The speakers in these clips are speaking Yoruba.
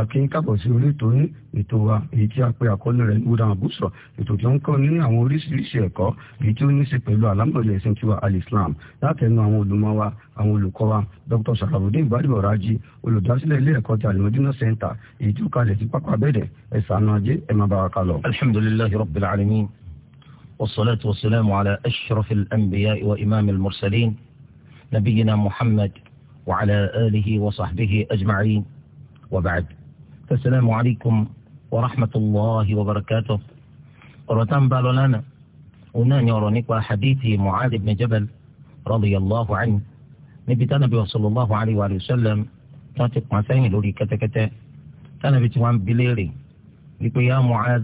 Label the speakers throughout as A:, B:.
A: àkí ń kàbọ̀ sí orí ètò yín ètò wa èyí tí a pe àkọlé rẹ̀ nígbódà àbúsọ ètò tí ó ń kọ́ ní àwọn oríṣiríṣi ẹ̀kọ́ èyí tí ó ní í ṣe pẹ̀lú àlámọ̀lẹ̀ ẹ̀sìn tiwa alislam látẹnu àwọn olùmọ̀ wa àwọn olùkọ́ wa dr sarafudin gbadebo raji olùdásílẹ̀ ilé ẹ̀kọ́ ti alimọ̀dínà sẹ́ńtà èyí tí ó kalẹ̀ sí pápá bẹ́ẹ̀dẹ̀ ẹ̀sánú ajé ẹ̀ má bàa wa imamil وبعد فالسلام عليكم ورحمة الله وبركاته ورتم بالولانا ونان يورونيك حديث معاذ بن جبل رضي الله عنه نبي تنبي صلى الله عليه وآله وسلم تاتق سيني لوري كتكتا تنبي توان بليري يقول يا معاذ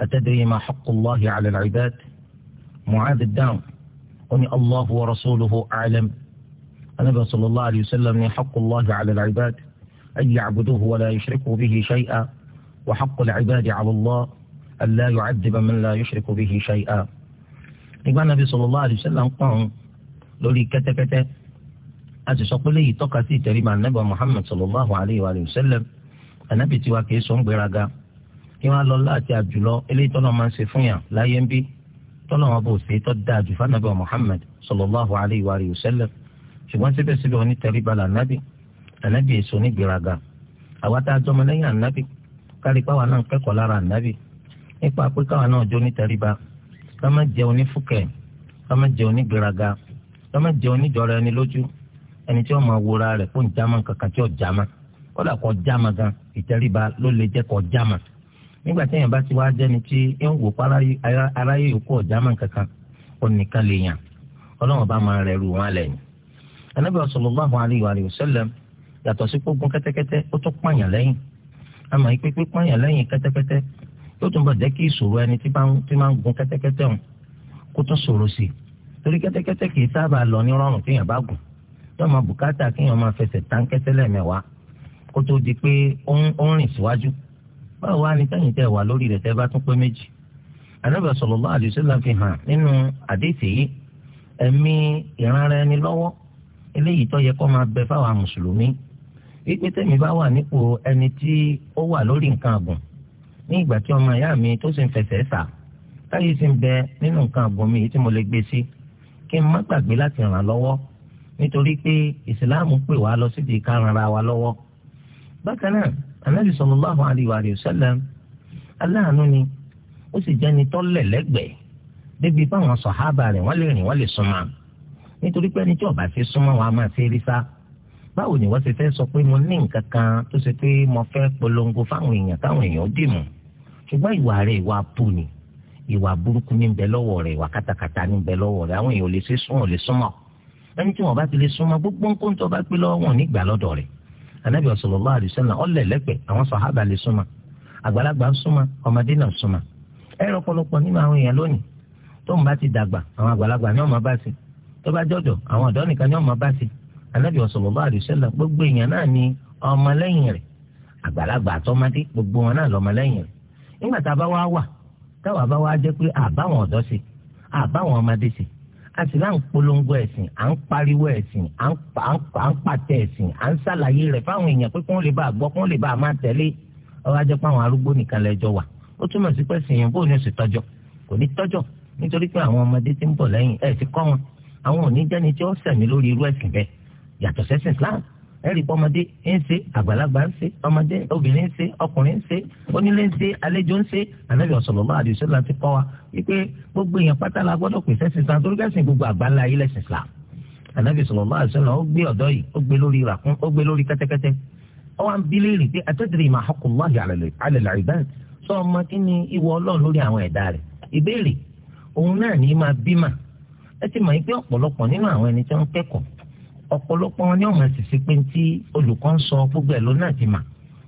A: أتدري ما حق الله على العباد معاذ الدام أني الله ورسوله أعلم النبي صلى الله عليه وسلم حق الله على العباد أن يعبدوه ولا يشركوا به شيئا وحق العباد على الله أن لا يعذب من لا يشرك به شيئا nígbà nàbí sallallahu alaihi wasallam ń pọn lórí kẹ́tẹ́kẹ́tẹ́ a sì sọ pé léyìí tọ́ka sí ìtẹríba anábà muhammed sallallahu alaihi wa sallam anábì tiwa kìí sọ ń gbéraga kí wọn lọ láti àjùlọ eléyìí tọ́lọ́ máa ń ṣe fún yàn láyé ń bí tọ́lọ́ wọn bò ṣe tọ́ da àjùfá nàbà muhammed sallallahu alaihi wa sallam ṣùgbọ́n síbẹ̀síbẹ̀ onítẹríba lànàbì ànábì èso nígbèraga àwa tá a jọmọ lẹ́yìn ànábì kárí pàwa náà kẹ́kọ̀ọ́ lára ànábì nípa pé káwa náà jó nítẹríba ká má jẹ́ onífúkẹ́ ká má jẹ́ onígbèraga ká má jẹ́ oníjọra ẹni lójú ẹni tí wọ́n máa wúra rẹ̀ fún jama kankan tí jama kódà kọ jama gan ìtẹríba ló kọ jama nígbà tí èèyàn bá ti wá jẹ́ni tí ń wò pa aráyé kankan lè yàn ọlọ́run bá máa rẹ̀ rù lẹ́yìn. yàtọ̀ sí gbógun kẹ́tẹ́kẹ́tẹ́ ó tún pààyàn lẹ́yìn àmọ́ ìpè pé pààyàn lẹ́yìn kẹ́tẹ́kẹ́tẹ́ yóò tún bọ̀ jẹ́ kí ìṣòro ẹni tí máa ń gun kẹ́tẹ́kẹ́tẹ́ hàn kó tún ṣòro sí i torí kẹ́tẹ́kẹ́tẹ́ kì í sábà lọ ní rọrùn kéèyàn bá gùn yóò máa bùkátà kéèyàn máa fẹsẹ̀ tán kẹ́tẹ́lẹ̀ mẹ́wàá kó tó di pé ó ń rìn síwájú báwo wá ní tẹ́yìn tẹ́ wà lórí rẹ̀ tẹ́ bá tún pé méjì Ànábì sallallahu alaihi wasallam fi hàn nínú àdéhìí yìí ẹ̀mí ìranra ẹni lọ́wọ́ eléyìí tó yẹ kó máa bẹ fáwọn mùsùlùmí wípé tẹ̀mí bá wà nípò ẹni tí ó wà lórí nǹkan àgùn ní ìgbà tí ọmọ ìyá mi tó sì ń fẹsẹ̀ sà táyé sì ń bẹ nínú nǹkan àgùn mi tí mo lè gbé sí kí n má gbàgbé láti ràn án lọ́wọ́ nítorí pé ìsìláàmù pè wá lọ síbi ká ran ara wa lọ́wọ́. bákan náà anabi sallallahu alayhi wa sallam aláàánú ni ó sì jẹ́ni tọ́lẹ̀ lẹ́gbẹ̀ẹ́ débi báwọn sọ̀hábà rẹ̀ wọ́n lè rìn wọ́n lè súnmọ́ nítorí pé ẹni tí ó bá súnmọ́ wa máa ṣe rí sá báwo ni wọ́n ṣe fẹ́ sọ pé mo ní nǹkan kan tó ṣe pé mo fẹ́ polongo fáwọn èèyàn káwọn èèyàn dì mọ́ ṣùgbọ́n ìwà rẹ̀ ìwà bù ni ìwà burúkú ní bẹ lọ́wọ́ rẹ̀ ìwà kàtàkàtà ní bẹ lọ́wọ́ rẹ̀ àwọn èèyàn ò lè ṣe sún ò lè súnmọ́ ẹni tí wọ́n bá ti lè súnmọ́ gbogbo nǹkan tó bá pé lọ́wọ́ wọn nígbà lọ́dọ̀ rẹ̀ anabi sallallahu alaihi wasallam ọlẹ lẹpẹ àwọn sàhábà lè súnmọ́ àgbàlagbà súnmọ́ ọmọdé náà súnmọ́ ẹ rọpọlọpọ nínú àwọn èèyàn lónìí tó ń bá ti dàgbà àwọn àgbàlagbà ní ọmọ anabi sallallahu alaihi wasallam gbogbo èèyàn náà ni ọmọlẹ́yìn rẹ̀ àgbàlagbà àtọmọdé gbogbo wọn náà lọmọlẹ́yìn rẹ̀ nígbà tá a bá wá wà táwa bá wá jẹ́ pé àbáwọn ọ̀dọ́ sí àbáwọn ọmọdé sí a sì láǹ polongo ẹ̀sìn à ń pariwo ẹ̀sìn à ń pàtẹ ẹ̀sìn à ń ṣàlàyé rẹ̀ fáwọn èèyàn pé kí lè bá a gbọ́ kí lè bá a máa tẹ̀lé ọwọ́ ajẹ́ pé àwọn arúgbó nìkan lẹ́jọ́ wà ó túmọ̀ sí pé sèyàn bóun yóò sì tọ́jọ́ kò ní tọ́jọ́ yàtọ̀ sẹ́sìn Islam ẹ̀rí pé ọmọdé ń ṣe àgbàlagbà ń ṣe ọmọdé obìnrin ń ṣe ọkùnrin ń ṣe onílé ń ṣe àlejò ń ṣe ànábì sallallahu alaihi wasallam ti kọ́ wa wípé gbogbo èèyàn pátá la gbọ́dọ̀ pè sẹ́sìn Islam torí kẹ́sìn gbogbo àgbáńlá ayé lẹ́sìn Islam ànábì sallallahu alaihi wasallam ó gbé ọ̀dọ́ yìí ó gbé lórí ràkún ó gbé lórí kẹ́tẹ́kẹ́tẹ́ ó wá ń bi léèrè pé atadri ma haqqullahi ala al-ibad sọ ọmọ ọ̀pọ̀lọpọ̀ wọn ní ọmọ àṣìṣe pé tí olùkọ́ ń sọ gbogbo ẹ̀ lónà ti mà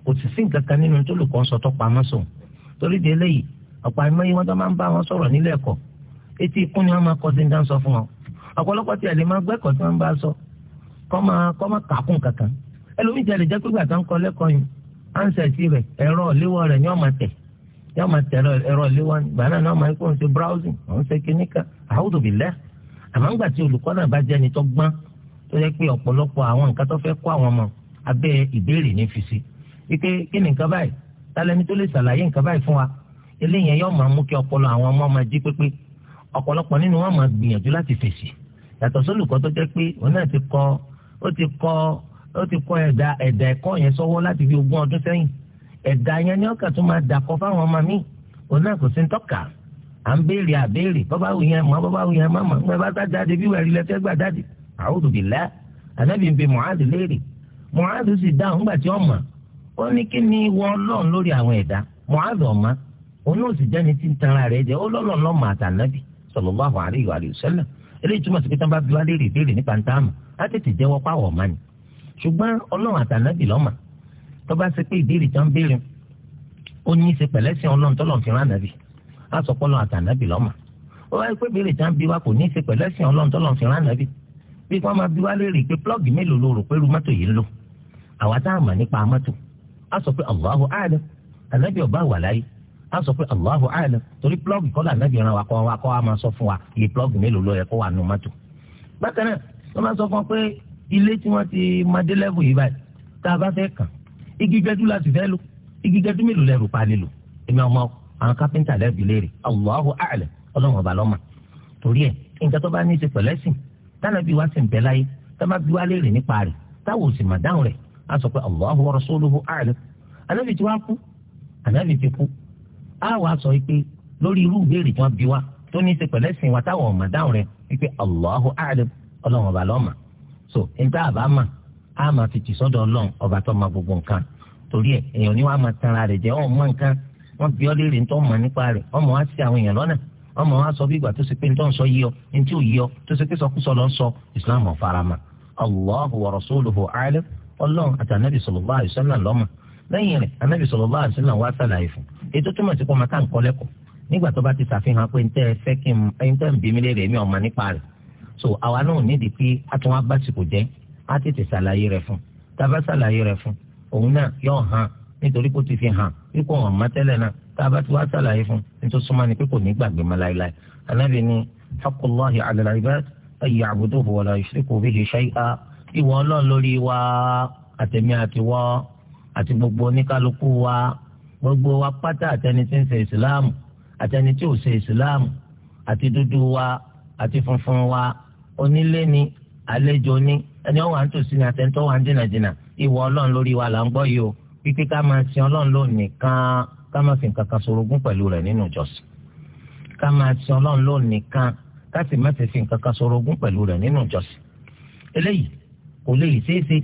A: kò sì sí nǹkan kan nínú tó olùkọ́ ń sọ tó pamọ́ sùn torí de eléyìí ọ̀pọ̀ àìmọye wọn tó máa ń bá wọn sọ̀rọ̀ nílé ẹ̀kọ́ etí ikú ni wọ́n máa kọ́ sí ń dá ń sọ fún wọn ọ̀pọ̀lọpọ̀ tí máa tí wọ́n bá sọ kọ́ máa kọ́ tó jẹ́ pé ọ̀pọ̀lọpọ̀ àwọn nǹkan tó fẹ́ kó àwọn ọmọ abẹ́ ìbéèrè ní fi sí wípé kí ni nǹkan báyìí tálẹ́ni tó lè ṣàlàyé nǹkan báyìí fún wa eléyìí yóò máa mú kí ọpọlọ àwọn ọmọ máa jí pépé ọ̀pọ̀lọpọ̀ nínú wọn máa gbìyànjú láti fèsì yàtọ̀ sólùkọ́ tó pé òun náà ti kọ́ ó ti kọ́ ó ti kọ́ ẹ̀dà ẹ̀dà ẹ̀kọ́ yẹn sọ́wọ́ láti fi ogún ọdún sẹ́yìn ẹ̀dà yẹn ni ọkà tó máa dàkọ́ fáwọn ọmọ mi òun náà kò sí ń tọ́ka à ń béèrè àbéèrè bọ́bá wù yẹn mọ́ bọ́bá wù yẹn mọ́ mọ́ bá jáde bí wẹ̀rí lẹ́fẹ́ gbà jáde a'udhu billah ànábì ń bẹ mu'adh léèrè mu'adh sì dáhùn gbà tí ó ní kí ni ìwọ ọlọ́run lórí àwọn ẹ̀dá mu'adh ọmọ òun náà sì tí ń tanra jẹ́ ó àtànábì eléyìí túmọ̀ sí pé tán bá bí wá léèrè nípa ni ṣùgbọ́n ọlọ́run àtànábì lọ́mọ tó bá ṣe pé ìbéèrè tán bí wọ́n máa bí wá léèrè pé plọ́ọ̀gì mélòó ló rò pé irú mọ́tò yìí ń lò àwa tá a mọ̀ nípa mọ́tò á sọ pé Allahu a'lam ànábì ọba wà láyé á sọ pé Allahu a'lam torí plọ́ọ̀gì kọ́lá ànábì ran wa kọ́ wa kọ́ wa máa sọ fún wa iye plọ́ọ̀gì mélòó ló yẹ kó wà nù mọ́tò. bákan náà wọ́n máa sọ fún wa pé ilé tí wọ́n ti madé lẹ́bù yìí báyìí tá a bá fẹ́ kàn igi gẹ́dú láti fẹ́ lò igi gẹ́dú mélòó lẹ́rù pa nílò èmi ọmọ àwọn kápẹ́ńtà lẹ́bù Allahu a'lam ọlọ́run ọba lọ́mà torí ẹ̀ nǹkan tánàbí wa sì ń bẹ láyé tábàbí wa léèrè nípa rẹ̀ táwọn ò sì mà dáhùn rẹ̀ á sọ pé Allahu wa rasuluhu a'lam ànábì tí wàá kú ànábì ti kú á wàá sọ pé lórí irú ìbéèrè tí wọ́n bí wa tó ní í ṣe pẹ̀lẹ́sìn wa táwọn ò dáhùn rẹ̀ wípé Allahu a'lam ọlọ́run ọba lọ́mà so níta àbá mà á máa fi tì sọ́dọ̀ ọlọ́run ọba tó máa gbogbo nǹkan torí ẹ̀ èèyàn ni wàá máa tanra rẹ̀ jẹ́ ọ̀ọ́ mọ nǹkan wọ́n bí ọ léèrè nítorí ọmọ nípa rẹ̀ ọmọ wa ti àwọn èèyàn lọ́nà ọmọ wa sọ bí ìgbà tó ṣe pé nítorí sọ yíyọ ní tí ò yíyọ tó ṣe pé sọkúsọ lọ sọ islam ọ̀farama allahu wa rasuluhu alim ọlọ́run àti anabi sallallahu alaihi wasallam lọ́mọ lẹ́yìn rẹ̀ anabi sallallahu alaihi wasallam wá sàlàyé fún ètò túmọ̀ sí pọ́nmọ́ tá à ń kọ́ lẹ́kọ̀ọ́ nígbà tó bá ti ṣàfihàn pé ntẹ́ fẹ́ kí n tẹ́ ń bí mi léèrè mi ọ̀ma nípa rẹ̀ so àwa náà nídìí pé a tún wá básìkò jẹ́ á tètè ṣàlàyé rẹ̀ fún tá a rẹ̀ fún òun náà yóò hàn nítorí kó ti fi hàn wípé ọ̀ma tẹ́lẹ̀ náà tá a bá ti wá sàlàyé fún nítorí súnmọ́ ni pé kò ní gbàgbé mọ́ láéláé anábì ni haqqullah ala al-ibad an ya'buduhu wa la yushriku bihi shay'a ìwọ ọlọ́run lórí wa àtẹ̀mí àtiwọ́ àti gbogbo oníkálukú wa gbogbo wa pátá àtẹni tí ń ṣe ìsìláàmù àtẹni tí ò ṣe ìsìláàmù àti dúdú wa àti funfun wa onílé ni àlejò ni ẹni ọ̀wà ń tòsí ni àtẹ̀ntọ́ wà ń dìnàdìnà ìwọ ọlọ́run lórí wa là ń gbọ́ yìí o pípé ká máa sin ọlọ́run lónìí kan ká má fi nǹkan kan sorogún pẹ̀lú rẹ̀ nínú ìjọsìn ká máa sin ọlọ́run lónìí nìkan ká sì má ti fi nǹkan kan sorogún pẹ̀lú rẹ̀ nínú ìjọsìn eléyìí kò lè ṣeé ṣe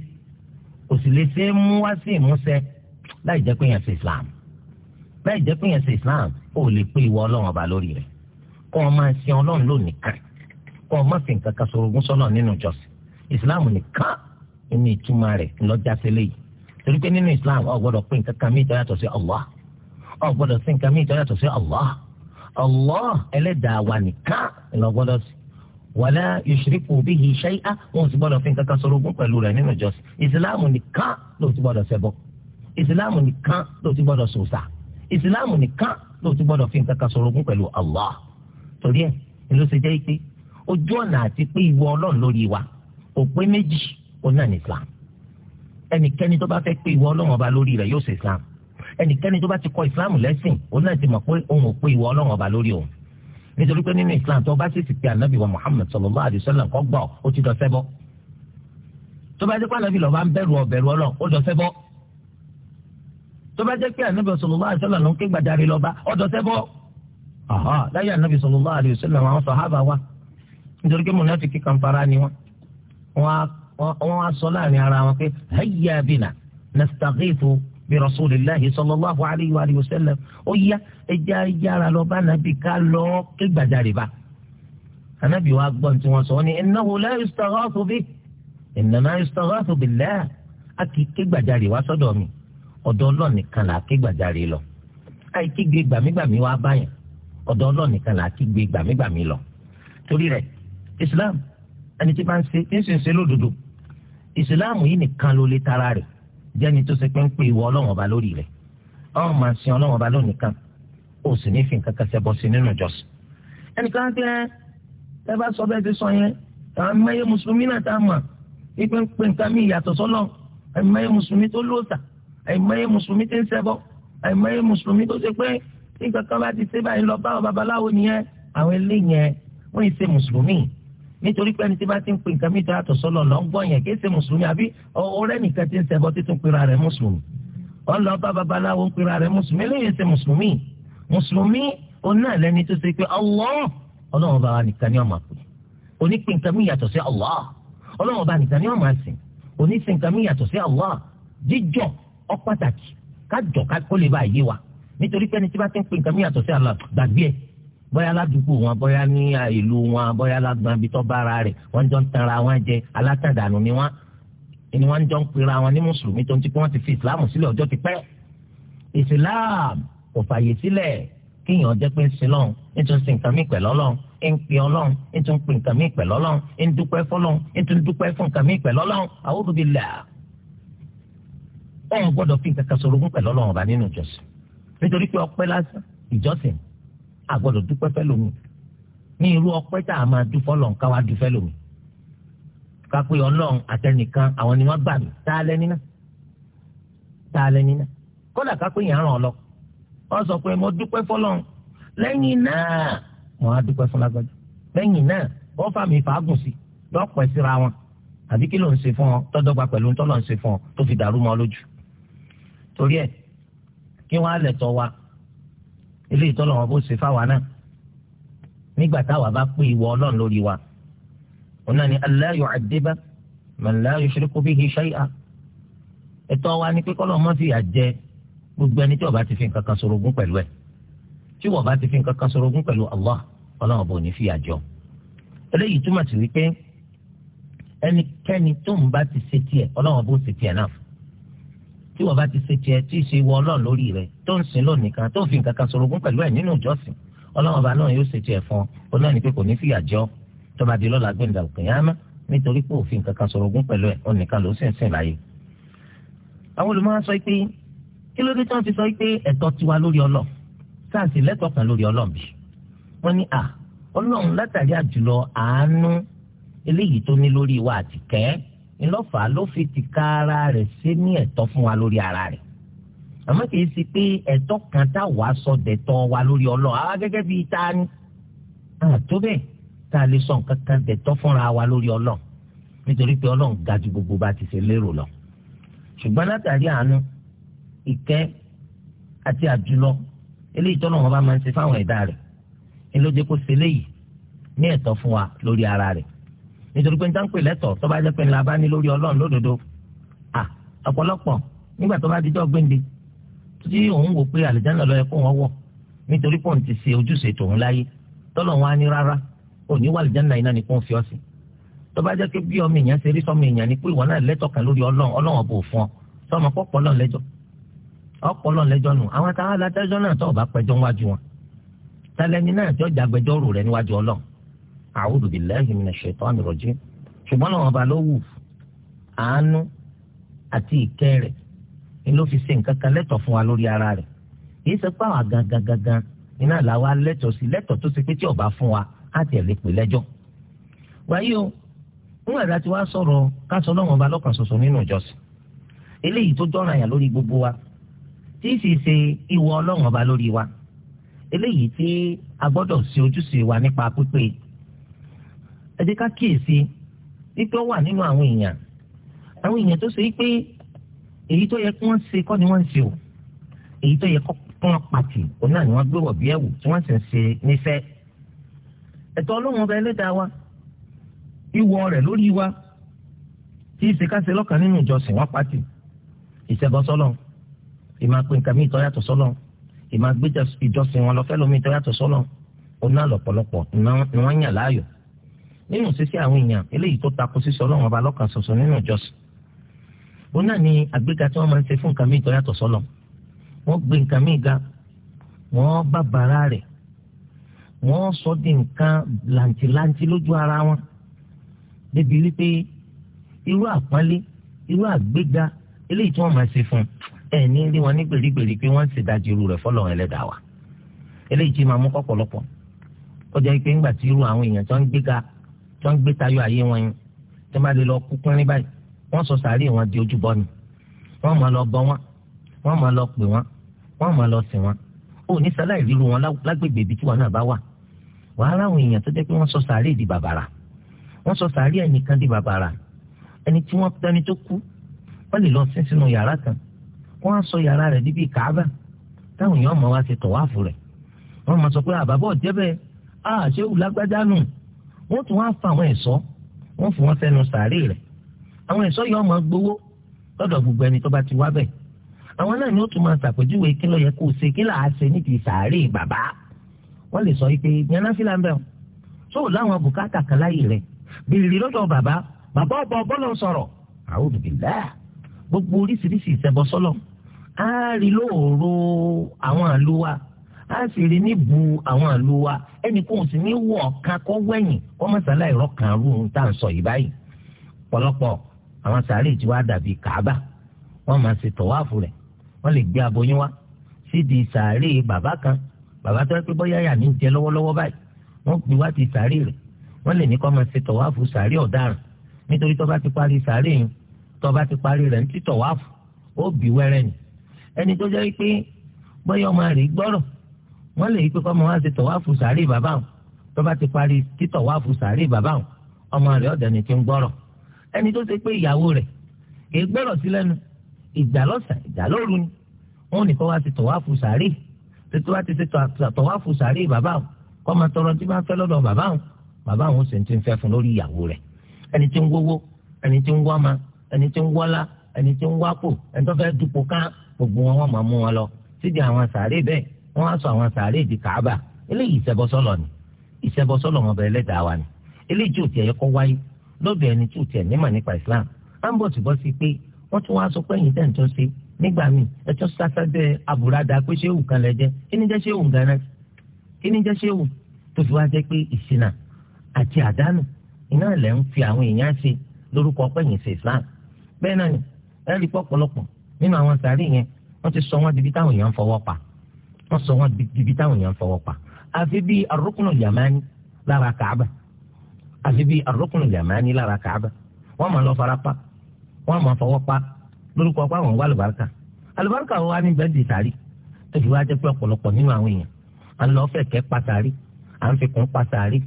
A: kò sì lè ṣeé mú wá sí ìmúṣẹ láì jẹ́ pé yẹn ṣe Islam láì jẹ́ pé yẹn ṣe Islam ó lè pé ìwọ ọlọ́run ọba lórí rẹ̀ kó o máa sin ọlọ́run lónìí nìkan kó o má fi nǹkan kan sorogún sọ́nà nínú ìjọsìn Islam nìkan ní ìtumọ̀ rẹ̀ lọ́jà sílẹ̀ yìí torí pé nínú Islam o gbọ́dọ̀ pé nǹkan kan mí ìjọ sí Allah ọ gbọ́dọ̀ sí nǹkan mìíràn yàtọ̀ sí Allah Allah ẹlẹ́dàá wa nìkan ló gbọ́dọ̀ sí wàlá yushriku bihi shay'a wọn sì gbọ́dọ̀ fi nǹkan kan sọ̀rọ̀ ogún pẹ̀lú rẹ̀ nínú ìjọsìn ìsìláàmù nìkan ló ti gbọ́dọ̀ ṣẹbọ ìsìláàmù nìkan ló ti gbọ́dọ̀ ṣòṣà ìsìláàmù nìkan ló ti gbọ́dọ̀ fi nǹkan kan sọ̀rọ̀ ogún pẹ̀lú Allah torí ẹ̀ ló ṣe jẹ́ pé ojú ọ̀nà àti pé ìwọ ọlọ́run lórí wa òpé méjì ó náà ní islam ẹnikẹ́ni tó bá fẹ́ pé ìwọ ọlọ́run ọba lórí rẹ̀ yóò ṣe islam ẹnikẹ́ni tó bá ti kọ ìsìláàmù lẹ́sìn òun náà ti mọ̀ pé òun ò pé ìwọ ọlọ́run ọba lórí òun nítorí pé nínú islam tó bá sì ti pe anabi wa muhammed sallallahu alayhi wa sallam kọ́ gbọ́ ó ti dọ̀sẹ́ bọ́ tó bá jẹ́ pé anabi lọ́ba ń bẹ̀rù ọ̀bẹ̀rù ọlọ́run ó dọ̀sẹ́ bọ́ tó bá jẹ́ pé anabi sallallahu alayhi wa sallam ló ń ké gbàdarí lọ́ba ó dọ̀sẹ́ bọ́ láyé anabi sallallahu alayhi wa sallam àwọn wa nítorí pé mùnàfíkì kan fara ni wọn wọn á sọ láàrin ara wọn pé hayya bina nastaghithu bí rasulillahi sallallahu alayhi wa alihi wa sallam ó yá ẹja ẹja ara lọ bá nàbì ká lọ ké gbàjarè bá anabi wa gbọ́ tí wọ́n sọ ni innahu la yustaghathu bi innama yustaghathu billah a kì í ké gbàjarè wá sọ́dọ̀ mi ọ̀dọ̀ Ọlọ́run nìkan là á ké gbàjarè lọ àì kí gbé gbàmígbàmí wá báyàn ọ̀dọ̀ Ọlọ́run là á kí gbé gbàmígbàmí lọ torí rẹ̀ Islam ẹni tí bá ń ṣe ń ṣe lódodo Islam yìí nìkan ló lè tara rẹ̀ jẹ́ni tó ṣe pé ń pè ìwọ ọlọ́run ọba lórí rẹ̀ ọ̀hún máa sin ọlọ́run ọba lónìí kan ó sì ní fi nǹkan kẹsẹ̀ bọ́ sí nínú ìjọsìn. ẹnìkan kí ẹ ẹ bá sọ bẹ́ẹ̀ ti sọ yẹn àwọn mẹ́yẹ mùsùlùmí náà tá a mọ̀ ipe ń pè nǹkan mí ìyàtọ̀ sọ́lọ́ àìmọye mùsùlùmí tó lóòtà àìmọye mùsùlùmí tó ń ṣẹbọ àìmọye mùsùlùmí tó ṣe pé nígbà kan bá ti ṣe báyìí lọ báwọn babaláwo nìyẹn àwọn eléyẹn wọ́n ì nítorí pé ẹni tí bá ti ń pè nǹkan mi dáa tó sọlọ lọ ń gbọ́ yẹn kì í ṣe mùsùlùmí àbí ọ̀rẹ́ nìkan ti ń ṣẹbọ títún pera rẹ̀ mùsùlùmí ó lọ bá babaláwo ń pera rẹ̀ mùsùlùmí eléyìí ṣe mùsùlùmí mùsùlùmí òun náà tó ṣe pé Allah ọlọ́run bá wa nìkan ni ọmọ àpè onípe nǹkan mi yàtọ̀ sí Allah ọlọ́run bá nìkan ni ọmọ àsìn oníṣe nǹkan mi yàtọ̀ sí Allah jíjọ ọ pàtàkì kájọ kó lè bá yé wa nítorí pé ẹni tí bá ti ń pè nǹkan mi yàtọ̀ sí Allah gbàgbé ẹ̀ bóyá ládùúgbò wọn bóyá ní ìlú wọn bóyá lágbọn abitọ́ bára rẹ̀ wọ́n jọ ń tanra wọn jẹ alátàdánù ni wọ́n ni wọ́n jọ ń pera wọn ní mùsùlùmí tó ń ti pé wọ́n ti fi ìsìláàmù sílẹ̀ ọjọ́ ti pẹ́ ìsìláàmù kò fàyè sílẹ̀ kéèyàn jẹ́ pé ń sin lọ́n nítorí sin nǹkan míì pẹ̀lú ọlọ́n ń pin ọlọ́n nítorí pin nǹkan míì pẹ̀lú ọlọ́n ń dúpẹ́ fọlọ́n nítorí dúpẹ́ fún nǹkan míì pẹ̀lú ọlọ́n a'udhu billah. ọ̀hún gbọ́dọ̀ fi nǹkan kan sorogún pẹ̀lú ọlọ́n ọba nínú ìjọsìn nítorí pé ọpẹ́ lásán ìjọsìn àgbọ́dọ̀ dúpẹ́ fẹ́ lómi ní irú ọpẹ́ tá a máa dúpọ́ lọ́n ká wá dúpẹ́ lómi kápẹ́ ọlọ́run àtẹnìkan àwọn ni wọ́n gbà mí tá a lẹ́ nínú tá a lẹ́ nínú kódà kápẹ́ yẹn ràn ọ́ lọ wọ́n sọ pé mo dúpẹ́ fọlọ́run lẹ́yìn náà mo á dúpẹ́ fún lágbájá lẹ́yìn náà wọ́n fà mí fàágùn sí lọ́pẹ́ síra wọn àbí kí ló ń ṣe fún ọ tọ́dọ́gba pẹ̀lú ń tọ́lọ́ ń ṣe fún ọ tó fi dàrú mọ́ lójú torí ẹ̀ kí wọ́n á lẹ̀ wa ilé ìtọ́lọ̀ wọn bó ṣe fáwa náà nígbà táwa bá pé ìwọ ọlọ́run lórí wa òun náà ni Allah yu'adhiba man la yushriku bihi shay'a ẹ̀tọ́ wa ni pé kọ́lọ́ mọ́ fìyà jẹ gbogbo ẹni tí ó bá ti fi nǹkan kan sorogún pẹ̀lú ẹ̀ tí ó bá ti fi nǹkan kan sorogún pẹ̀lú Allah ọlọ́run bò ní fìyà jọ eléyìí túmọ̀ sí wípé ẹnikẹ́ni tó ń bá ti ṣe tiẹ̀ ọlọ́run bó ṣe tiẹ̀ náà tí wọ́n bá ti ṣe tiẹ̀ tí ṣe wọ ọlọ́run lórí rẹ̀ tó ń sìn lónìí kan tó ń fi nǹkan kan sorogún pẹ̀lú ẹ̀ nínú ìjọsìn ọlọ́run ọba náà yóò ṣe tiẹ̀ fún ọ náà ni pé kò ní fìyà jọ tó bá di lọ́la gbẹ̀ndà òkèèyàn nítorí pé òfin nǹkan kan sorogún pẹ̀lú ẹ̀ ọ̀nìkan ló sì ń sìn láyé. àwọn olùmọ̀ sọ pé kí ló dé tí wọ́n fi sọ pé ẹ̀tọ́ tiwa lórí lórí ọlọ́run bí wọ́n lórí wa ńlọ́fà ló fi tìka ara rẹ̀ ṣe ní ẹ̀tọ́ fún wa lórí ara rẹ̀ àmọ́ kìí ṣe pé ẹ̀tọ́ kan tá wàá sọ dẹ̀tọ́ wa lórí ọlọ́run àwa gẹ́gẹ́ bíi ta ni àtó bẹ́ẹ̀ tá a lè sọ nǹkan kan dẹ̀tọ́ fúnra wa lórí ọlọ́run nítorí pé ọlọ́run ga ju gbogbo bá ti ṣe lérò lọ ṣùgbọ́n látàrí àánú ìkẹ́ àti àjùlọ eléyìí tọ́nà wọn bá máa ń ṣe fáwọn ẹ̀dá rẹ̀ ẹ ló kó ṣe léyìí ní ẹ̀tọ́ fún wa lórí ara rẹ̀ nítorí pé njàǹpẹ̀ lẹ́tọ̀ tó bá jẹ́ pé ńlá bá ní lórí ọlọ́run lódodo à ọ̀pọ̀lọpọ̀ nígbà tó bá dijọ́ gbéǹde tí òun wò pé àlìjáná ló yẹ kó wọn wọ̀ nítorí pé ti ṣe ojúṣe tòun láyé tọ́lọ̀ wọn á ní rárá òní wà àlìjáná iná ni kò ń fi ọ́ sí tó jẹ́ pé bí ọmọ èèyàn ṣe rí sọmọ èèyàn ni pé ìwọ náà lẹ́tọ̀ kan lórí ọlọ́run ọlọ́run bò fún ọ sọmọ pọ́pọ́ lọ́n lẹ́jọ́ ọpọlọ lẹ́jọ́ nù àwọn táwọn adájọ́ náà tó bá pẹjọ́ wájú wọn tálẹ́ni náà jọjà gbẹjọ́rò a'udhu billahi minash shaitani rajim ṣùgbọ́n náà ọba ló wù àánú àti ìkẹ́ rẹ̀ ni ló fi ṣe nǹkan kan lẹ́tọ̀ fún wa lórí ara rẹ̀ kìí ṣe pé àwọn iná làwa lẹ́tọ̀ sí lẹ́tọ̀ tó ṣe pé ọba fún wa á tiẹ̀ lè pè lẹ́jọ́ wáyé o ẹ̀dá tí nínú ìjọsìn eléyìí tó lórí gbogbo wa tí ì sì ṣe ìwọ ọlọ́wọ́n ọba lórí wa eléyìí tí a gbọ́dọ̀ ẹ jẹ́ ká kíyèsí wípé ó wà nínú àwọn èèyàn àwọn èèyàn tó ṣe wípé èyí tó yẹ kí wọ́n ṣe kọ́ ni wọ́n ń ṣe o èyí tó yẹ kọ́ kí wọ́n pàtì òun náà ni wọ́n gbé wọ̀bí ẹ̀wù tí wọ́n sì ń ṣe nífẹ̀ẹ́ ẹ̀tọ́ ọlọ́run ọba ẹlẹ́dàá wa ìwọ rẹ̀ lórí wa tí ìṣèkáṣe lọ́kàn nínú ìjọsìn wọn pàtì ìṣẹ́gun sọ́lọ́ ìmọ̀ pé nǹkan mi ìtọ́yàtọ̀ sọ́lọ́ ìmọ̀ gbé ìjọsìn wọn lọ́fẹ́ lómi ìtọ́yàtọ̀ sọ́lọ́ òun nínú sísí àwọn èèyàn eléyìí tó takò sísọ ọlọ́run ọba lọ́kàn ṣoṣo nínú ìjọsìn òun náà ni àgbéga tí wọ́n máa ń ṣe fún nǹkan míì tó yàtọ̀ sọ́lọ̀ wọ́n gbé nǹkan míì ga wọ́n bá bàrà rẹ̀ wọ́n sọ di nǹkan làǹtìlanti lójú ara wọn débi wípé irú àpọ́nlé irú àgbéga eléyìí tí wọ́n máa ṣe fún ẹ̀ ní rí wọn ní gbèrígbèrí pé wọ́n ń ṣèdájì irú rẹ̀ fọ́lọ́run ẹlẹ́dàá wa eléyìí tí máa mú kọ́pọ̀lọpọ̀ ó jẹ́ pé ńgbà tí irú àwọn èèyàn tó ń gbéga tó ń gbé tayọ ayé wọn yẹn tó má lè lọ kú pínrín báyìí wọ́n sọ sàárè wọn di ojúbọ ni wọ́n máa lọ bọ wọn wọ́n máa lọ pè wọn wọ́n máa lọ sìn wọn ò ní sáláì ríru wọn lágbègbè ibi tí wọn náà bá wà wàhálà àwọn èèyàn tó jẹ́ pé wọ́n sọ sàárè di bàbàrà wọ́n sọ sàárè ẹnìkan di bàbàrà ẹni tí wọ́n tẹni tó kú wọ́n lè lọ sí sínú yàrá kan wọ́n á sọ yàrá rẹ̀ níbi kàábà táwọn èèyàn máa wá ṣe tọ̀wáàfù rẹ̀ wọ́n máa sọ pé àbábọ̀ jẹ́ wọ́n tún wá fa àwọn ẹ̀ṣọ́ wọ́n fún wọn sẹ́nu sàárè rẹ̀ àwọn ẹ̀ṣọ́ yìí ọmọ gbowó lọ́dọ̀ gbogbo ẹni tó bá ti wá bẹ̀ àwọn náà ni ó tún máa ṣàpèjúwe kí ló yẹ kó o ṣe kí là á ṣe níbi sàárè bàbá wọ́n lè sọ pé yanáfíà ń bẹ̀ ọ́ tó o láwọn bùkátà kan láyè rẹ̀ bèrè lọ́dọ̀ bàbá bàbá ọba ọbọ̀lọ̀ sọ̀rọ̀ a'udhu billah gbogbo oríṣiríṣi ìṣẹ́bọ sọ́lọ̀ á rí lóòrò àwọn àlùwà á sì rí níbu àwọn àlò wa ẹnì kò sì ní wọ ọ̀kan kọ́ wẹ̀yìn kọ́ mọ́sálà ìrọ̀ kan rú ohun tá à ń sọ yìí báyìí pọ̀lọpọ̀ àwọn sàárè tí wàá dàbí kàábà wọ́n máa ṣe tọ̀wáàfù rẹ̀ wọ́n lè gbé aboyún wá sídi sàárè bàbá kan bàbá tó pé bóyá yà ní jẹ lọ́wọ́lọ́wọ́ báyìí wọ́n gbé wá ti sàárè rẹ̀ wọ́n lè ní kọ́ máa ṣe tọ̀wáàfù sàárè ọ̀daràn nítorí tó bá ti parí sàárè yìí tó bá ti parí rẹ̀ ń ti tọ̀wáàfù ó bì wẹ́rẹ́ ni ẹni tó jẹ́ pé bóyá ọmọ rẹ̀ gbọ́rọ̀ wọ́n lè yí pé kọ́mọ wá ṣe tọ̀wáfù sàárè bàbá wọn tó bá ti parí títọ̀wáfù sàárè bàbá wọn ọmọ rẹ̀ ọ̀dọ̀ ni ti ń gbọ́rọ̀ ẹni tó ṣe pé ìyàwó rẹ̀ kì í gbọ́rọ̀ sí lẹ́nu ìgbà lọ́sàn ìgbà lóru ni wọ́n nìkan wá ṣe tọ̀wáfù sàárè tètè wá ti ṣe tọ̀wáfù sàárè bàbá wọn kọ́mọ tọrọ tí máa fẹ́ lọ́dọ̀ bàbá wọn bàbá wọn sì ti fẹ́ fún lórí ìyàwó rẹ̀ ẹni tí ń wówó ẹni tí ń wọ́mọ ẹni tí ń wọ́lá ẹni tí ń wápò ẹni tó fẹ́ dupò ká gbogbo wọn wọn máa mú wọn lọ síbi àwọn sàárè bẹ́ẹ̀ wọ́n á sọ àwọn sàárè di kàába eléyìí ìṣẹ́bọsọ́lọ̀ ni ìṣẹ́bọsọ́lọ̀ wọn bẹ̀rẹ̀ lẹ́dàá wa ni eléyìí tí ò tiẹ̀ yẹ kó wáyé lọ́dọ̀ ẹni tí ò tiẹ̀ nímọ̀ nípa Islam á ń bọ̀ tí bọ́ sí pé wọ́n tún wá sọ pé ẹ̀yin tẹ̀ ń tún sí nígbà míì ẹ tún sáfẹ́fẹ́ àbúradà pé ṣé òun kan lẹ jẹ́ kí ni jẹ́ ṣé òun ni jẹ́ ṣé tó fi wá jẹ́ pé ìṣìnà àti àdánù iná ẹ̀ ń fi àwọn èèyàn ṣe lórúkọ pẹ̀yìn ṣe Islam bẹ́ẹ̀ náà ni ẹ rí pọ̀ nínú àwọn sàárì yẹn wọ́n ti sọ wọ́n di bí táwọn èèyàn fọwọ́ pa wọ́n sọ wọn dìbí táwọn èèyàn fọwọ́ pa àfi bíi arúkùnù yamani lára kàába àfi bíi arúkùnù yamani lára kàába wọ́n máa lọ fara pa wọ́n máa fọwọ́ pa lórúkọ pa àwọn wà lùbáríkà àlùbáríkà wa ní bẹ́ẹ̀ di sàárì tó fi wá jẹ́ pé ọ̀pọ̀lọpọ̀ nínú àwọn èèyàn à ń lọ fẹ̀ kẹ́ pa sàárì à ń fi kún pa sàárì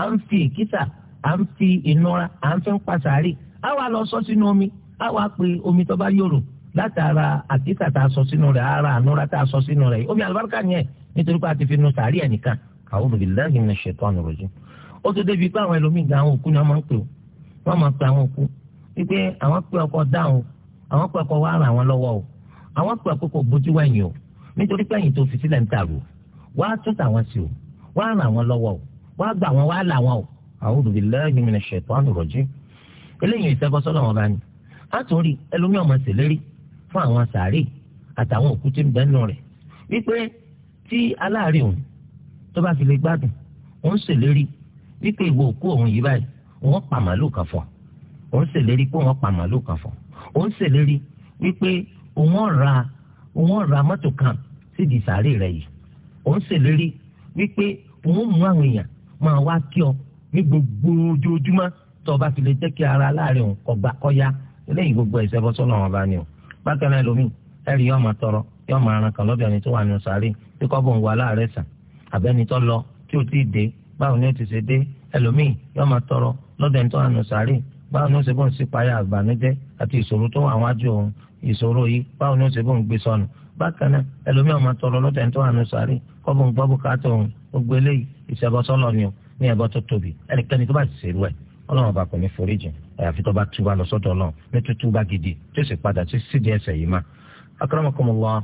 A: à ń fi ìkísà à ń fi ìnura à ń fi ń pa sàárì àwa lọ sọ sínú omi àwa pe omi tó bá yòrò látara àkísà tá a sọ sínú rẹ̀ ara ànúra tá a sọ sínú rẹ̀ omi àlùbáríkà ni nítorí pé a ti fi nu sàárì ẹ̀ nìkan a'udhu billahi minash shaitani rajim. ó tó débi pé àwọn ẹlòmíì gan àwọn òkú ni wọ́n máa ń pè wọ́n máa pe àwọn òkú wípé àwọn pé ọkọ̀ dáhùn àwọn pé ọkọ̀ wá ra àwọn lọ́wọ́ o àwọn pé ọkọ̀ kò bójú wẹ̀yìn o nítorí pé ẹ̀yìn tó fi sílẹ̀ ń tàrò wá tún tàwọn sí o wá ra àwọn lọ́wọ́ o wá gbà wọn wá là wọn o a'udhu billahi minash shaitani rajim. eléyìí ìṣẹ́gbọ́sọ́lọ́wọ́n bá ní. a tún rí ẹlòmíì ọmọ ṣèlérí fún àwọn sàárè àtàwọn òkú tí ń bẹ nù rẹ̀ wípé tí aláàárẹ̀ òun tó bá fi lè gbádùn òun ṣèlérí wípé ìwọ òkú òun yìí báyìí òun pa màlúù kan fún òun ṣèlérí pé òun pa màlúù kan fún òun ṣèlérí wípé òun ra òun ra mọ́tò kan sídìí sàárè rẹ̀ yìí òun ṣèlérí wípé òun mú àwọn èèyàn máa wá kí ọ ní gbogbo ojoojúmọ́ tó o bá fi lè jẹ́ kí ara aláàárẹ̀ òun kọ́ gbà kọ́ ya eléyìí gbogbo wọn bá ní o bákan náà lómi ẹ̀rí yóò máa tọrọ yóò máa ran kan lọ́bẹ̀ ẹni tó wà nínú sàárè tí kò bò ń wà láàárẹ̀ sàn àbẹ́ni tó lọ tí ò tí ì dé báwo ni ó ti ṣe dé ẹlòmíì yóò máa tọrọ lọ́bẹ̀ ẹni tó wà nínú sàárè báwo ni ó ṣe bó ń sípayà àgbànújẹ́ àti ìṣòro tó wà wájú òun ìṣòro yìí báwo ni ó ṣe bó ń gbé sọnù bákan náà ẹlòmíì ọmọ tọrọ lọ́dọ̀ ẹni tó wà nínú sàárè kọ́bùn gbọ́ bùkátà òun gbogbo ọlọ́run ọba kò ní foríjì àyàfi tó bá túbà lọ sọ́dọ̀ ọlọ́run ní tútúbà gidi tó sì padà tó sídìí ẹ̀ṣẹ̀ yìí má. akramakumullah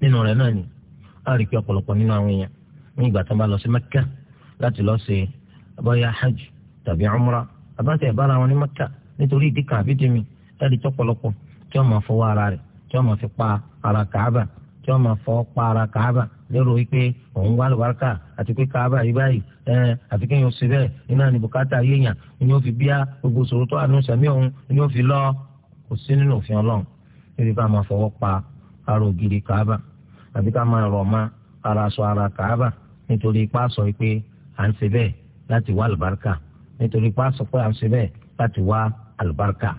A: nínú rẹ̀ náà ni a rí pé ọ̀pọ̀lọpọ̀ nínú àwọn èèyàn ní ìgbà tó ń bá lọ sí mẹ́kà láti lọ ṣe bóyá hajj tàbí umra àbáńtẹ̀ ìbára wọn ní mẹ́kà nítorí ìdí kan àbídìmí láti tọ́pọ̀lọpọ̀ tí wọ́n máa fọwọ́ ara rẹ̀ tí wọ́n máa fi pa ara kàábà tí wọ́n máa fọ́ para káábà lérò wípé òun wá lùbáríkà àti pé káábà yìí báyìí ẹ àti kéèyàn ṣe bẹ́ẹ̀ iná ní bùkátà yéèyàn ni ó fi bíá gbogbo ṣòro tó àánú sẹ́mi òun ni ó fi lọ kò sí nínú òfin ọlọ́run níbi ká máa fọwọ́ pa ara ògiri káábà àbí ká máa rọ̀ ma ara aṣọ ara káábà nítorí ipá sọ pé à ń ṣe bẹ́ẹ̀ láti wá lùbáríkà nítorí ipá sọ pé à ń ṣe bẹ́ẹ̀ láti wá àlùbáríkà.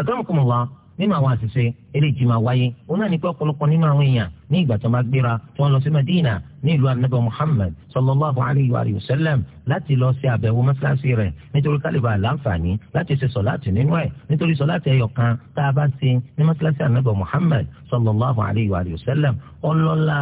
A: àtọ́nukùnmọ̀lá nínú àwọn àṣìṣe eléjì máa wáyé òun náà ní pé ọ̀pọ̀lọpọ̀ nínú àwọn èèyàn ní ìgbà tó máa gbéra tí wọ́n lọ sí Madina ní ìlú anabi Muhammad sallallahu alayhi wa sallam láti lọ sí àbẹ̀wò mọ́sálásí rẹ̀ nítorí kálíbà láǹfààní láti ṣe sọ̀láàtì nínú ẹ̀ nítorí sọ̀láàtì ẹyọ kan tá a bá ṣe ní mọ́sálásí anabi Muhammad sallallahu alayhi wa sallam ọlọ́lá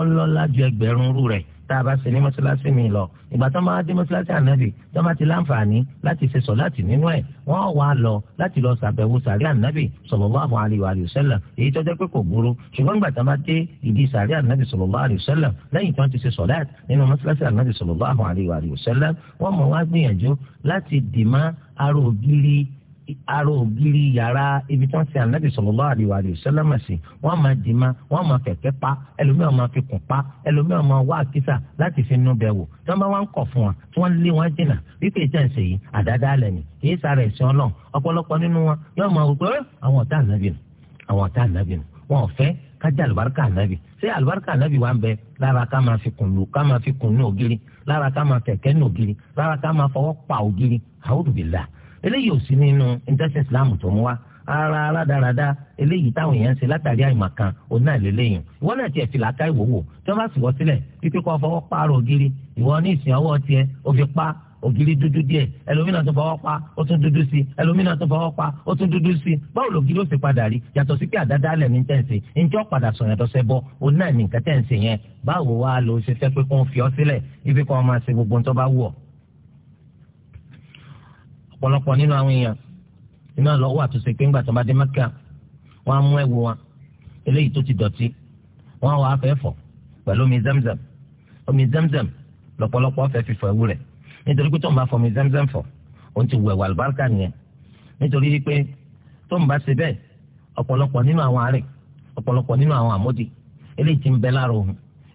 A: ọlọ́lá ju ẹgbẹ̀rún rú rẹ̀ tá a bá ṣe ní mọ́ṣáláṣí mi lọ ìgbà tó máa dé mọ́ṣáláṣí ànábì tó máa ti láǹfààní láti ṣe sọ̀láàtì nínú ẹ̀ wọ́n wá lọ láti lọ ṣàbẹ̀wò sàrí ànábì sallallahu alaihi wa sallam èyí tó jẹ́ pé kò burú ṣùgbọ́n ìgbà tó máa dé ìdí sàrí ànábì sallallahu alaihi wa sallam lẹ́yìn tó ti ṣe sọ̀láàtì nínú mọ́ṣáláṣí ànábì sallallahu alaihi wa sallam wọ́n mọ̀ wá gbìyànjú láti dìmá ara ògiri yàrá ibi tí wọ́n ti ànábì sallallahu alaihi wa sallam sí wọ́n máa dì má wọ́n máa fẹ̀kẹ́ pa ẹlòmíràn máa fi kùn pa ẹlòmíràn máa wá àkísà láti fi nú bẹ̀ wò tí wọ́n bá wá ń kọ̀ fún wa tí wọ́n lé wọn jìnnà wípé ìjànsẹ̀ yìí àdáadáa lẹ̀ ni kì í sára ẹ̀sìn ọlọ́run ọ̀pọ̀lọpọ̀ nínú wọn yóò máa wò pé àwọn ọ̀tá ànábì nù àwọn ọ̀tá ànábì nù wọn ò fẹ́ kájà àlùbáríkà ànábì ṣé àlùbáríkà ànábì wa ń bẹ lára ká máa fi kùn lù ká máa fi kùn ní ògiri lára ká máa kẹ̀kẹ́ ní ògiri lára ká máa fọwọ́ pa ògiri àwùjọ bìlà eléyìí ò sí nínú ìjọsìn islam tó mú wa ara aládàradà eléyìí táwọn èèyàn ń ṣe látàrí àìmọ̀kan òun náà lélẹ́yìn ìwọ náà tiẹ̀ fi làákà ìwòwò tí wọ́n bá sì wọ́ sílẹ̀ pípé kó fọwọ́ pààrọ̀ ògiri ìwọ ní ìsìn ọwọ́ tiẹ̀ ó fi pa ògiri dúdú díẹ̀ ẹlòmínà tó fọwọ́ pa ó tún dúdú sí ẹlòmínà tó fọwọ́ pa ó tún dúdú sí báwo lògiri ó sì padà rí yàtọ̀ sí pé àdáda lẹ̀ ní tẹ̀sí njẹ́ ọ̀padà sọ̀yàdọ̀sẹ̀ bọ́ òun náà ní nǹkan tẹ̀sí yẹn báwo wá lo ṣe fẹ́ pé kó ń fi ọ sílẹ̀ ibi kan máa ṣe gbogbo ń tọ́ bá wù ọ́ ọ̀pọ̀lọpọ̀ nínú àwọn èèyàn iná lọ́wọ́ àtúnṣe pé ńgbà tó bá dé mẹ́kà wọ́n á mú ẹ̀wù wọn eléyìí tó ti dọ̀tí wọ́n á wà á fẹ́ fọ̀ pẹ̀lú omi zamzam omi zamzam lọ́pọ̀lọpọ̀ fẹ́ fi fọ̀ ẹ̀wù rẹ̀ nítorí pé tó ń bá fọ omi zamzam fọ̀ òun ti wù ẹ̀wù àlùbáríkà nìyẹn nítorí pé tó ń bá ṣe bẹ́ẹ̀ ọ̀pọ̀lọpọ̀ nínú àwọn àárẹ̀ ọ̀pọ̀lọpọ̀ nínú àwọn àmódi eléyìí ti ń bẹ láàrọ̀ òun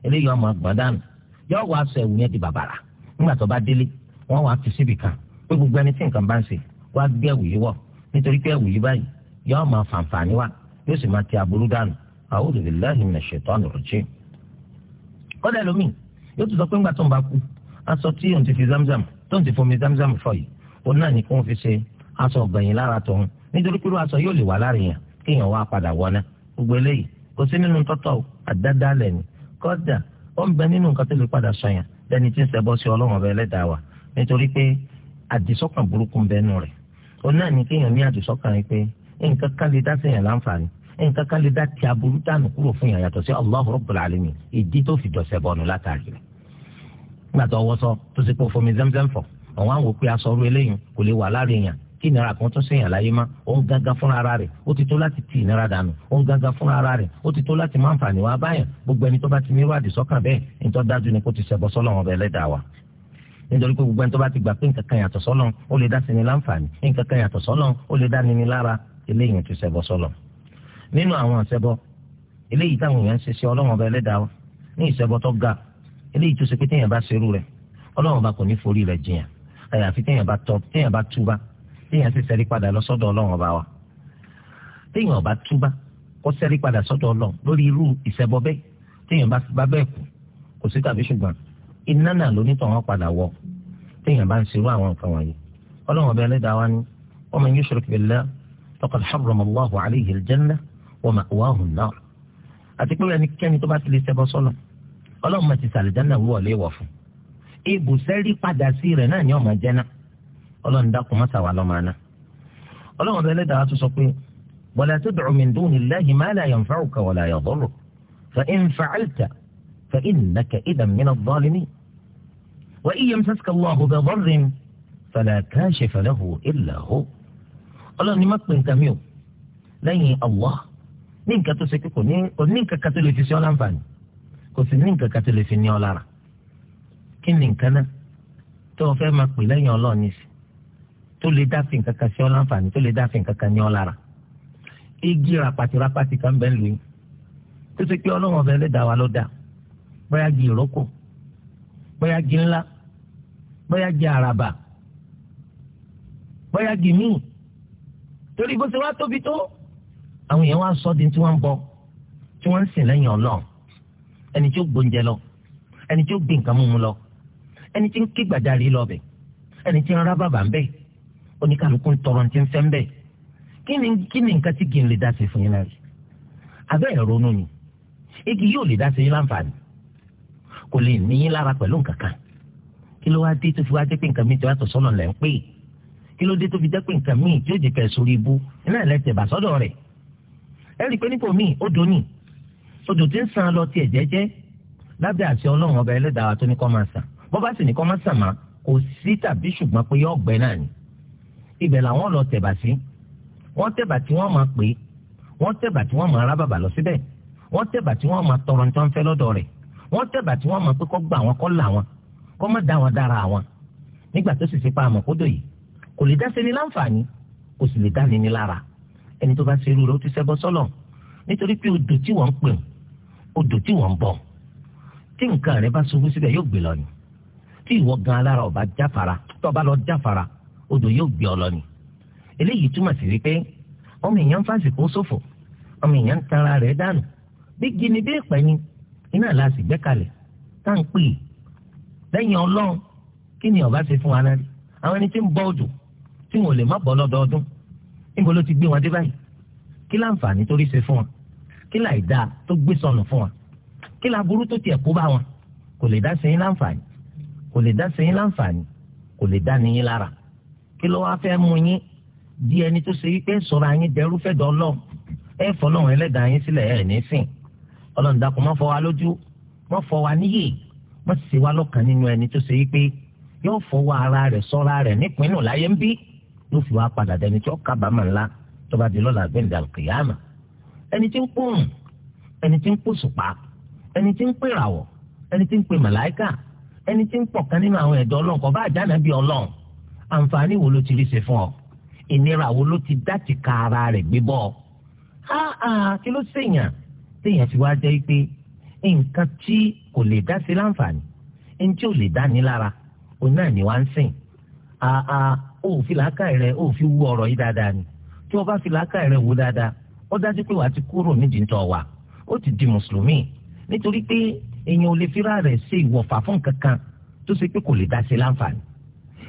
A: eléyìí ọmọ àgbọ̀n dànù yóò wá aṣọ ẹ̀wù yẹn pé gbogbo ẹni tí nǹkan bá ń ṣe wá gbé ẹ̀wù yìí wọ̀ nítorí pé ẹ̀wù yìí báyìí yóò máa fàǹfààní wá yóò sì máa ti aburú dànù a'udhu billahi minash shaitani rajim. kọ́dà lómi yóò tún sọ pé ńgbà tó ń bá kú aṣọ tí òun ti fi zamzam tó ń ti fomi zamzam fọ yìí òun náà ní kí wọ́n fi ṣe aṣọ ọ̀gbẹ̀yìn lára tòun nítorí pé irú aṣọ yóò lè wà láàrin yàn kéèyàn wá padà wọná gbogbo eléyìí kò sí nínú tọ́tọ̀ àdádálẹ̀ nítorí pé àdìsọ́kàn burúkú ń bẹ́nu rẹ̀ òun náà ní kéèyàn ní àdìsọ́kàn yìí pé nǹkan kan lè dá séèyàn láǹfààní nǹkan kan lè dá ti aburú dànù kúrò fún yàn yàtọ̀ sí Allahu Rabbul Alamin ìdí tó fi dọ̀sẹ̀ bọ̀nù látàrí rẹ̀ gbàtọ̀ wọ́sọ tó ti pọ̀ fomi zẹ́mzẹ́m fọ̀ àwọn àwọn òpin asọ̀rọ̀ eléyìí kò lè wà láàrin yàn kí ìnira kan tún sèyàn láyé má òun gángan fúnra ara rẹ̀ ó ti tó láti ti ìnira dànù òun gángan fúnra ara rẹ̀ ó ti tó láti má nfààní wá báyàn gbogbo ẹni tó bá ti ní irú àdìsọ́kàn bẹ́ẹ̀ ní tó dájú ni kó ti ṣẹbọ sọ́lọ́run ọbẹ̀ ẹlẹ́dàá wa nítorí pé gbogbo ẹni tó bá ti gbà pé nǹkan kan yàtọ̀ sọ́lọ̀ ó lè dá sini láǹfààní nǹkan kan yàtọ̀ sọ́lọ̀ ó lè dá nini lára eléyìí ti ṣẹbọ sọ́lọ̀ nínú àwọn àṣẹbọ eléyìí táwọn èèyàn ń ṣe sí ọlọ́wọ́n ọba ẹlẹ́dàá wa ní ìṣẹbọ tó ga eléyìí tó ṣe pé téèyàn bá ṣerú rẹ̀ ọlọ́wọ́n ọba kò ní forí rẹ̀ jiyàn àyàfi téèyàn bá tọ téèyàn bá túbá téèyàn sì ṣẹ́rí padà lọ sọ́dọ̀ ọlọ́wọ́n ọba wa téèyàn bá túbá kó ṣẹ́rí padà sọ́dọ̀ ọlọ́wọ́n lórí irú ìṣẹbọ bẹ́ẹ̀ téèyàn bá bẹ́ẹ̀ iná náà lónítọ̀ wọn padà wọ téèyàn bá ń ṣerú àwọn nǹkan wọ̀nyí ọlọ́run ọba ẹlẹ́dàá wa ni wa man yushrik billah faqad harrama Allahu alayhi al-jannah wa ma'wahu an-nar àti pé ẹnikẹ́ni tó bá ti lè ṣẹbọ sọ́nà ọlọ́run máa ti sàlìjánà wọlé wọ̀ fún ibùsẹ́rí padà sí rẹ̀ náà ni ọmọ jẹ́nà ọlọ́run dákun má sàwà lọ́mọ àná فإنك إذا من الظالمين وإن يمسسك الله بضر فلا كاشف له إلا هو ọlọ́run ni má pè nǹkan mi o lẹ́yìn Allah ní nǹkan tó ṣe pé kò ní kò ní nǹkan kan tó lè fi ṣe ọ́ láǹfààní kò sì ní nǹkan kan tó lè fi ní ọ lára kí ni nǹkan náà tó o fẹ́ máa pè lẹ́yìn ọlọ́run ní sí tó lè dá fi nǹkan kan ṣe ọ́ láǹfààní tó lè dá fi nǹkan kan ní ọ lára igi rapati rapati kan bẹ́ẹ̀ lóyún tó ṣe pé ọlọ́run ọ̀fẹ́ lè dá wa ló dáa bóyá gi ìrókò bóyá gi ńlá bóyá gi àràbà bóyá gi míì torí bó ṣe wá tóbi tó àwọn èèyàn wá sọ di tí wọ́n ń bọ tí wọ́n ń sìn lẹ́yìn Ọlọ́run ẹni tí ó gbóúnjẹ lọ ẹni tí ó gbé nǹkan mímu lọ ẹni tí ń ké gbàjarì lọ bẹ ẹni tí ń rá bàbà ń bẹ oníkàlùkù ń tọrọ ti ń fẹ́ ń bẹ kí ni kí ni nǹkan tí gìn lè dá sí fún yín náà rí abẹ́ ẹ̀rọ nù ni igi yóò lè dá sí yín láǹfààní kò lè ní í lára pẹ̀lú nǹkan kan kí ló wá dé tó fi wá jẹ́ pé nǹkan mi ti wá tọ̀ sọ́nà lẹ́ ń pè é kí ló dé tó fi jẹ́ pé nǹkan míì tí ó jẹ́ kẹ́ sórí ibú iná ẹlẹ́tẹ̀ bà sọ́dọ̀ rẹ̀ ẹ rí i pé nípò míì odò ní odò tí ń san lọ tiẹ̀ jẹ́jẹ́ lábẹ́ àti ọlọ́run ọba ẹlẹ́dàá tó ní kọ́ máa sàn bọ́ bá sì ní kọ́ máa sàn má kò sí tàbí ṣùgbọ́n pé yóò náà ni ibẹ̀ làwọn lọ tẹ̀bà sí wọ́n tẹ̀bà tí wọ́n máa pè wọ́n tẹ̀bà tí wọ́n máa rábàbà lọ síbẹ̀ wọ́n tẹ̀bà tí wọ́n máa tọrọ nǹkan fẹ́ lọ́dọ̀ rẹ̀ wọ́n tẹ̀bà tí wọ́n mọ̀ pé kọ́ gbà wọn kọ́ là wọn kọ́ má dá wọn dára wọn nígbà tó sì ti pa àmọ̀kódò yìí kò lè dá sẹ́ni láǹfààní kò sì lè dá ni ní lára ẹni tó bá ṣe irú rẹ̀ ó ti ṣẹbọ sọ́lọ̀ nítorí pé odò tí wọ́n ń pè odò tí wọ́n ń bọ̀ tí nǹkan rẹ̀ bá ṣubú síbẹ̀ yóò gbé lọ ni tí ìwọ gan alára ọba jáfara tó bá lọ jáfara odò yóò gbé ọ lọ ni eléyìí túmọ̀ sí wípé ọmọ èèyàn fásitì kó ṣòfò ọmọ èèyàn ń tanra rẹ̀ dànù bí gini bí ìpẹ́yìn iná la sì gbẹ́kàlẹ̀ tá à ń pè é lẹ́yìn ọlọ́run kí ni ọba ṣe fún wa náà rí àwọn ẹni tí ń bọ òjò tí wọn ò lè má bọ́ lọ́dọọdún níbo ló ti gbé wọn dé báyìí kí láǹfààní torí ṣe fún wọn kí láìda tó gbé sọnù fún wọn kí láburú tó tiẹ̀ kó bá wọn kò lè dá sẹ́yìn láǹfààní kò lè dá sẹ́yìn láǹfààní kò lè dá niyín lára kí ló wá fẹ́ mú yín di ẹni tó ṣe wípé sọ̀rọ̀ àyín dẹrú fẹ́ dọ́ lọ́ọ̀ ẹ fọ́ lọ́wọ́n ẹlẹ́dàá yín sílẹ̀ ẹ̀ ní sìn ọlọ́run dákun má fọ́ wa lójú má fọ́ wa níyè má sì wá lọ́kàn nínú ẹni tó ṣe wípé yóò fọwọ́ ara rẹ̀ sọ́ra rẹ̀ nípínú láyé ń bí ló fi wá padà dẹni tí ó kábàámà ńlá tó bá di lọ́la gbẹ̀ǹdà kìyàmà ẹni tí ń pòrùn ẹni tí ń pòṣùpá ẹni tí ń pèràwọ̀ ẹni tí ń pè màláìkà ẹni tí ń pọ̀ kan nínú àwọn ẹ̀dọ́ ọlọ́run kò bá àjànà bí ọlọ́run àǹfààní wo ló ti rí ṣe fún ọ ìnira wo ló ti dá ti ka ara rẹ̀ gbé bọ́ ọ kí ló ṣèyàn téèyàn ti wá jẹ́ pé nǹkan tí kò lè dá sí láǹfààní ẹni tí ò lè dá ní lára òun náà ni wá ń sìn àà òfin làákàyè rẹ òfin wú ọ̀rọ̀ yìí dáadáa ni tí wọ́n bá fi làákàyè rẹ wú dáadáa ó dájú pé wàá ti kúrò nídìí tó wà ó ti di mùsùlùmí nítorí pé èèyàn ò lè fira rẹ̀ ṣe ìwọ̀fà fún kankan tó ṣe pé kò lè dá sí láǹfààní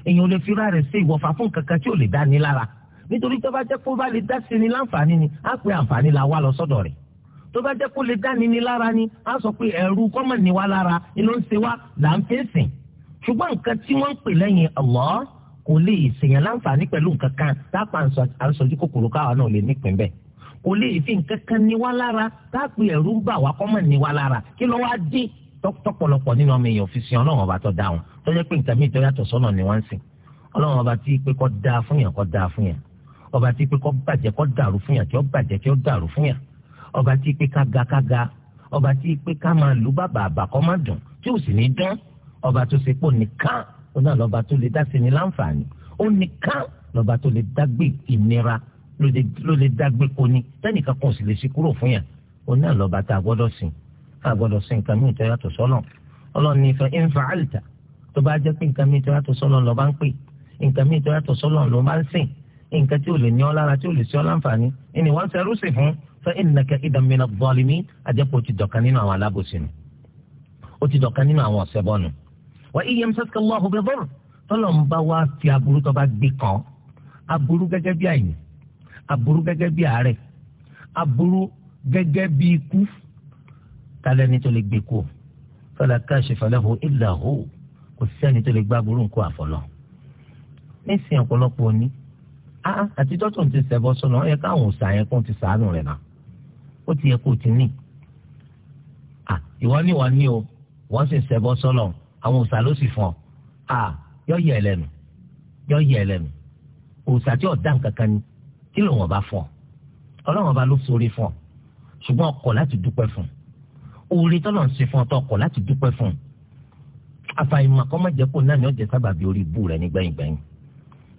A: èèyàn ò lè fira rẹ̀ ṣe ìwọ̀fà fún kankan tí ò lè dá ní lára nítorí tó bá jẹ́ kó bá lè dá sí ní láǹfààní ni á pé àǹfààní la wá lọ sọ́dọ̀ rẹ̀ tó bá jẹ́ kó lè dání ni lára ni á sọ pé ẹ̀rù kọ́mọ̀ ní wa lára ni ló ń ṣe wa là ń fẹ́ ṣùgbọ́n nǹkan tí wọ́n ń pè lẹ́yìn Allah kò lè ṣèyàn láǹfààní pẹ̀lú nǹkan kan tápà àǹsọ̀jú kòkòrò káwa náà lè nípìn bẹ́ẹ̀ kò lè fi nǹkan kan ní wa lára tápì ẹ̀rù ń bà wá kọ́mọ̀ ní wa lára kí ló wá dín tọ́pọ̀lọpọ̀ nínú ọmọ èèyàn òfìsí ọlọ́run ọba tó dá wọn tó jẹ́ pé nǹkan mìíràn yàtọ̀ sọ́nà ni wọ́n ń sìn ọlọ́run ọba tí pé kọ́ dáa fún yàn kọ́ dáa fún yàn ọba tí pé kọ́ bàjẹ́ kọ́ dàrú fún yàn tí ó bàjẹ́ tí ó dàrú fún yàn ọba tí pé ká ga ká ga ọba tí pé ká máa lù bàbà àbàkọ́ má dùn tí ò sì ní dán ọba tó ṣe pò nìkan ó náà tó lè dá sí ni láǹfààní ó nìkan lọ́ba tó lè dágbé ìnira ló lè dágbé koni tẹ́nìkan kan sì lè ṣe kúrò fún yàn ó náà lọ́ba tá a gbọ́dọ̀ sìn a gbọ́dọ̀ sìn nǹkan mìíràn tó yàtọ̀ sọ́lọ̀ ọlọ́ni ìfẹ́ ìnfà àlìtà tó bá jẹ́ pé nǹkan mìíràn tó yàtọ̀ sọ́lọ̀ lọ́ba ń pè nǹkan mìíràn tó yàtọ̀ sọ́lọ̀ fa innaka idan min adh-dhalimin àjẹpọ̀ ti dọ̀kan nínú àwọn alábòsí nu ó ti dọ̀kan nínú àwọn ọ̀sẹ̀bọ̀ nu. wa in yamsaska Allahu bidurrin tọ́lọ́n bá wá fi aburú tó bá gbé kan aburú gẹ́gẹ́ bí àyìn aburú gẹ́gẹ́ bí àárẹ̀ aburú gẹ́gẹ́ bí ikú tálẹ́ni tó lè gbé kú fala kashifa lahu illa hu kò sẹ́ni tó lè gbá aburú nǹkó àfọlọ́ nísìnyí ọ̀pọ̀lọpọ̀ ni àtijọ́ tó ń ti sẹ́bọ̀ sọ̀nà ó yẹ káwọn òòsàn yẹn kó ń ti sàánù rẹ̀ náà ó ti yẹ kó o ti ní. ìwọ ni wọ́n ní o wọ́n sì ń ṣẹbọ sọ́lọ̀ àwọn òòṣà ló sì fún ọ yọ yẹ ẹlẹ́nu yọ yẹ ẹlẹ́nu òòṣà tí ọ̀dà kankan ni kí ló wọ́n bá fún ọ ọlọ́run ọba ló sórí fún ọ ṣùgbọ́n ọkọ̀ láti dúpẹ́ fún un oore tọ́lọ̀ ń ṣe fún ọtọ́ ọkọ̀ láti dúpẹ́ fún un àfàìmọ̀ kọ́ mọ̀jẹ́ kó náà ní ọ̀jẹ̀ sábàbí orí ibú rẹ̀ nígbẹ̀yìn gbẹ̀yìn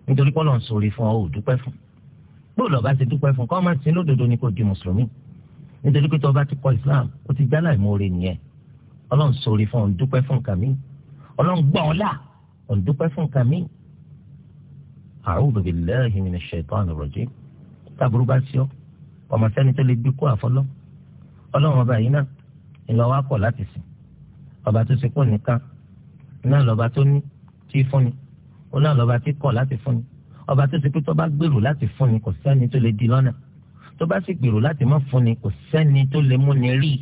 A: nítorí pé ọlọ́run sórí fún ọ ò dúpẹ́ fún un bó lọ́ba ti dúpẹ́ fún un kọ́ máa sin lódodo ni kò di mùsùlùmí nítorí pé tọba ti kọ islam ó ti jálà ìmoore nìyẹn ọlọ́run sọ̀rọ̀ fún òun dúpẹ́ fún nǹkan mi ọlọ́run gbà ọ́ là òun dúpẹ́ fún nǹkan mi. a'udhu billahi minash shaitanir rajim táàbùrú bá sí ọ ọmọ sẹ́ni tó lè gbé kó àfọlọ́ ọlọ́run ọba yìí náà ńlọ wá kọ̀ láti sìn ọba tó ṣe pọ̀ nìkan náà lọ́ba tó ní tí fúnni ó náà lọ́ba tí kọ̀ láti fúnni ọba tó ṣe pé tó bá gbèrò láti fúnni kò sẹ́ni tó lè di lọ́nà tó bá sì gbèrò láti má fúnni kò sẹ́ni tó lè múni rí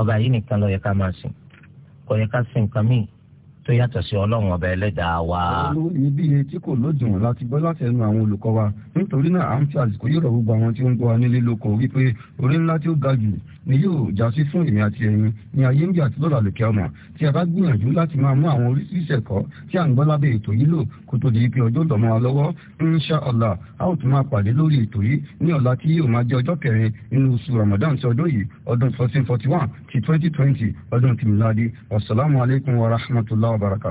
A: ọba yìí nìkan ló yẹ ká máa sìn kò yẹ ká sìn nǹkan míì tó yàtọ̀ sí ọlọ́run ọba ẹlẹ́dàá wa. olóyè bí iye tí kò lódiwọ̀n láti gbọ́ láti ẹnu àwọn olùkọ́ wa nítorí náà à ń fi àsìkò yóò rọ gbogbo àwọn tí ó ń gbọ́ wa nílé lóko wípé orí ńlá tí ó ga jù ni yóò jásí fún èmi àti ẹ̀yin ní ayé ń bí àti lọ́la lòkè ọmọ tí a bá gbìyànjú láti máa mú àwọn oríṣiríṣi ẹ̀kọ́ tí à ń gbọ́ lábẹ́ ètò yìí lò kó tó di pé ọjọ́ ìdọ̀mọ́ wa lọ́wọ́ insha Allah a ó tún máa pàdé lórí ètò yìí ní ọ̀la tí yóò máa jẹ́ ọjọ́ kẹrin nínú oṣù Ramadan ti ọdún yìí ọdún fourteen forty one ti twenty twenty ọdún tìmíládé wassalamu alaikum warahmatullah الله وبركاته